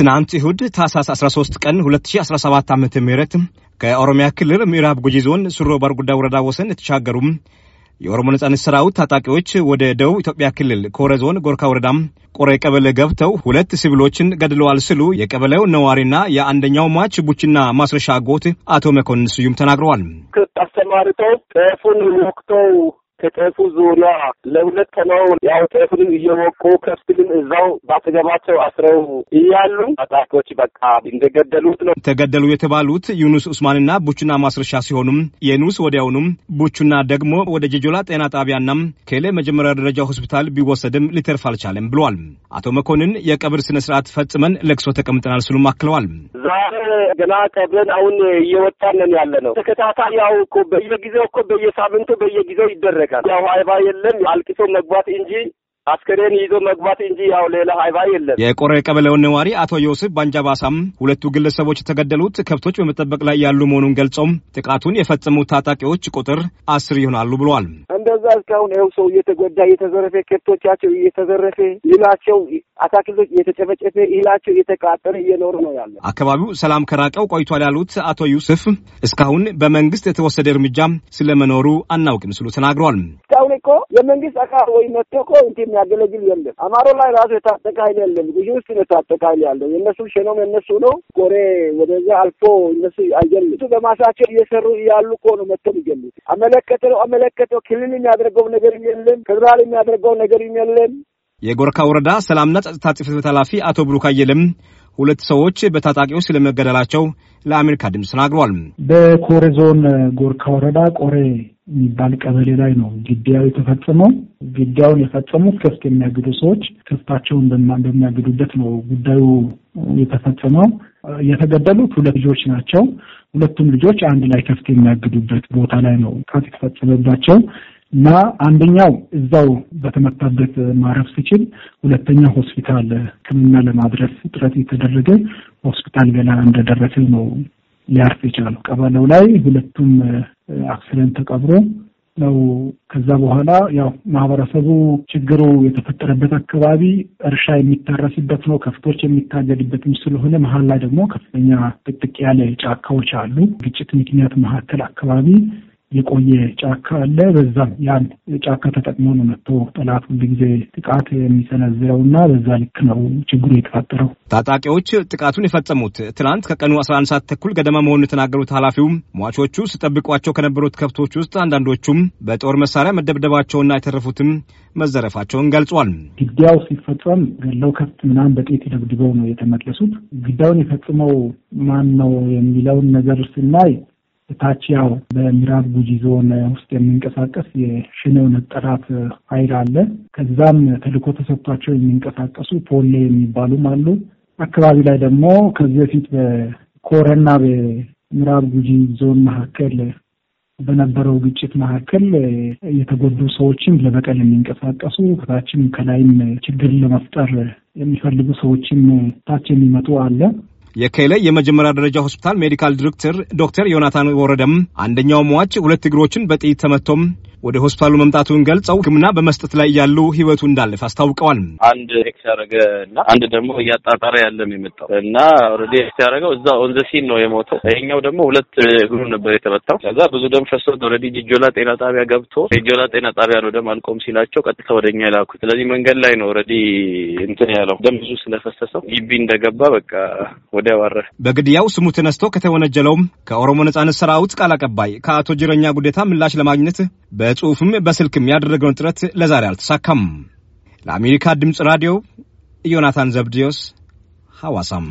ትናንት እሁድ ታህሳስ 13 ቀን 2017 ዓ ም ከኦሮሚያ ክልል ምዕራብ ጉጂ ዞን ሱሮ ባር ወረዳ ወሰን የተሻገሩ የኦሮሞ ነጻነት ሰራዊት ታጣቂዎች ወደ ደቡብ ኢትዮጵያ ክልል ኮረ ዞን ጎርካ ወረዳ ቆረ ቀበሌ ገብተው ሁለት ሲቪሎችን ገድለዋል ሲሉ የቀበሌው ነዋሪና የአንደኛው ሟች ቡችና ማስረሻ ጎት አቶ መኮንን ስዩም ተናግረዋል። አስተማርተው ጤፉን ወቅተው ከጤፉ ዙሪያ ለሁለት ተነው ያው ጤፉንም እየወቁ ከብትንም እዛው ባተገባቸው አስረው እያሉ አጣቶች በቃ እንደገደሉት ነው። ተገደሉ የተባሉት ዩኑስ ኡስማንና ቡቹና ማስረሻ ሲሆኑም የኑስ ወዲያውኑም ቡቹና ደግሞ ወደ ጀጆላ ጤና ጣቢያና ከሌ መጀመሪያ ደረጃ ሆስፒታል ቢወሰድም ሊተርፍ አልቻለም ብሏል። አቶ መኮንን የቀብር ስነ ስርዓት ፈጽመን ለቅሶ ተቀምጠናል ስሉም አክለዋል። ዛሬ ገና ቀብረን አሁን እየወጣን ያለ ነው። ተከታታይ ያው እኮ በየጊዜው እኮ በየሳምንቱ በየጊዜው ይደረግ ያደርጋል። ያው አይባ የለም አልቅሶ መግባት እንጂ አስከሬን ይዞ መግባት እንጂ ያው ሌላ ሀይባ የለም። የቆሬ ቀበሌውን ነዋሪ አቶ ዮሴፍ ባንጃባሳም ሁለቱ ግለሰቦች የተገደሉት ከብቶች በመጠበቅ ላይ ያሉ መሆኑን ገልጾም ጥቃቱን የፈጸሙት ታጣቂዎች ቁጥር አስር ይሆናሉ ብለዋል። እንደዛ እስካሁን ይኸው ሰው እየተጎዳ እየተዘረፈ ከብቶቻቸው እየተዘረፈ ይላቸው አታክልቶች እየተጨፈጨፈ ይላቸው እየተቃጠለ እየኖሩ ነው ያለ። አካባቢው ሰላም ከራቀው ቆይቷል ያሉት አቶ ዩስፍ እስካሁን በመንግስት የተወሰደ እርምጃ ስለመኖሩ አናውቅም ስሉ ተናግረዋል። አሁን እኮ የመንግስት አካል ወይ መጥቶ እኮ እንትን የሚያገለግል የለም። አማሮ ላይ ራሱ የታጠቀ ኃይል የለም። ጉጂ ውስጥ ነው የታጠቀ ኃይል ያለው። የእነሱ ሸኖም የእነሱ ነው። ጎሬ ወደዛ አልፎ እነሱ አይገልም። እሱ በማሳቸው እየሰሩ እያሉ እኮ ነው መጥቶ የሚገሉት። አመለከተ ነው አመለከተው። ክልል የሚያደርገው ነገር የለም። ፌዴራል የሚያደርገው ነገር የለም። የጎርካ ወረዳ ሰላምና ጸጥታ ጽሕፈት ቤት ኃላፊ አቶ ብሩክ አየለም ሁለት ሰዎች በታጣቂዎች ስለመገደላቸው ለአሜሪካ ድምፅ ተናግሯል። በኮሬ ዞን ጎርካ ወረዳ ቆሬ የሚባል ቀበሌ ላይ ነው ግድያው የተፈጸመው። ግድያውን የፈጸሙት ከፍት የሚያግዱ ሰዎች ከፍታቸውን በሚያግዱበት ነው ጉዳዩ የተፈጸመው። የተገደሉት ሁለት ልጆች ናቸው። ሁለቱም ልጆች አንድ ላይ ከፍት የሚያግዱበት ቦታ ላይ ነው ጥቃት የተፈጸመባቸው። እና አንደኛው እዛው በተመታበት ማረፍ ሲችል፣ ሁለተኛ ሆስፒታል ሕክምና ለማድረስ ጥረት የተደረገ ሆስፒታል ገና እንደደረሰ ነው ሊያርፍ የቻለው። ቀበለው ላይ ሁለቱም አክሲደንት ተቀብሮ ነው። ከዛ በኋላ ያው ማህበረሰቡ ችግሩ የተፈጠረበት አካባቢ እርሻ የሚታረስበት ነው፣ ከፍቶች የሚታገድበትም ስለሆነ መሀል ላይ ደግሞ ከፍተኛ ጥቅጥቅ ያለ ጫካዎች አሉ። ግጭት ምክንያት መካከል አካባቢ የቆየ ጫካ አለ። በዛም ያን ጫካ ተጠቅሞ ነው መጥቶ ጠላት ሁልጊዜ ጥቃት የሚሰነዝረው እና በዛ ልክ ነው ችግሩ የተፈጠረው። ታጣቂዎች ጥቃቱን የፈጸሙት ትናንት ከቀኑ 11 ሰዓት ተኩል ገደማ መሆኑን የተናገሩት ኃላፊውም ሟቾቹ ስጠብቋቸው ከነበሩት ከብቶች ውስጥ አንዳንዶቹም በጦር መሳሪያ መደብደባቸውና የተረፉትም መዘረፋቸውን ገልጿል። ግድያው ሲፈጸም ገለው ከብት ምናምን በጤት ደብድበው ነው የተመለሱት። ግድያውን የፈጽመው ማን ነው የሚለውን ነገር ስናይ ታች ያው በምዕራብ ጉጂ ዞን ውስጥ የሚንቀሳቀስ የሽነው ነጠራት ኃይል አለ። ከዛም ተልእኮ ተሰጥቷቸው የሚንቀሳቀሱ ፖሌ የሚባሉም አሉ። አካባቢ ላይ ደግሞ ከዚህ በፊት በኮረና በምዕራብ ጉጂ ዞን መካከል በነበረው ግጭት መካከል የተጎዱ ሰዎችን ለበቀል የሚንቀሳቀሱ ከታችም ከላይም ችግር ለመፍጠር የሚፈልጉ ሰዎችም ታች የሚመጡ አለ። የከይለ የመጀመሪያ ደረጃ ሆስፒታል ሜዲካል ዲሬክተር ዶክተር ዮናታን ወረደም አንደኛው ሟች ሁለት እግሮችን በጥይት ተመቶም ወደ ሆስፒታሉ መምጣቱን ገልጸው ሕክምና በመስጠት ላይ ያሉ ህይወቱ እንዳለፍ አስታውቀዋል። አንድ ኤክስ ያደረገ እና አንድ ደግሞ እያጣጣረ ያለ ነው የመጣው እና ኦልሬዲ ኤክስ ያደረገው እዛ ኦንዘሲን ነው የሞተው። ይሄኛው ደግሞ ሁለት እግሩ ነበር የተመታው። ከዛ ብዙ ደም ፈሶት ኦልሬዲ ጅጆላ ጤና ጣቢያ ገብቶ ጅጆላ ጤና ጣቢያ ነው ደም አልቆም ሲላቸው ቀጥታ ወደኛ ይላኩ። ስለዚህ መንገድ ላይ ነው ኦልሬዲ እንትን ያለው ደም ብዙ ስለፈሰሰው ግቢ እንደገባ በቃ ወዲያ ባረፈ። በግድያው ስሙ ተነስቶ ከተወነጀለውም ከኦሮሞ ነጻነት ሰራዊት ቃል አቀባይ ከአቶ ጅረኛ ጉዴታ ምላሽ ለማግኘት በ በጽሁፍም በስልክም ያደረገውን ጥረት ለዛሬ አልተሳካም። ለአሜሪካ ድምፅ ራዲዮ ዮናታን ዘብድዮስ ሐዋሳም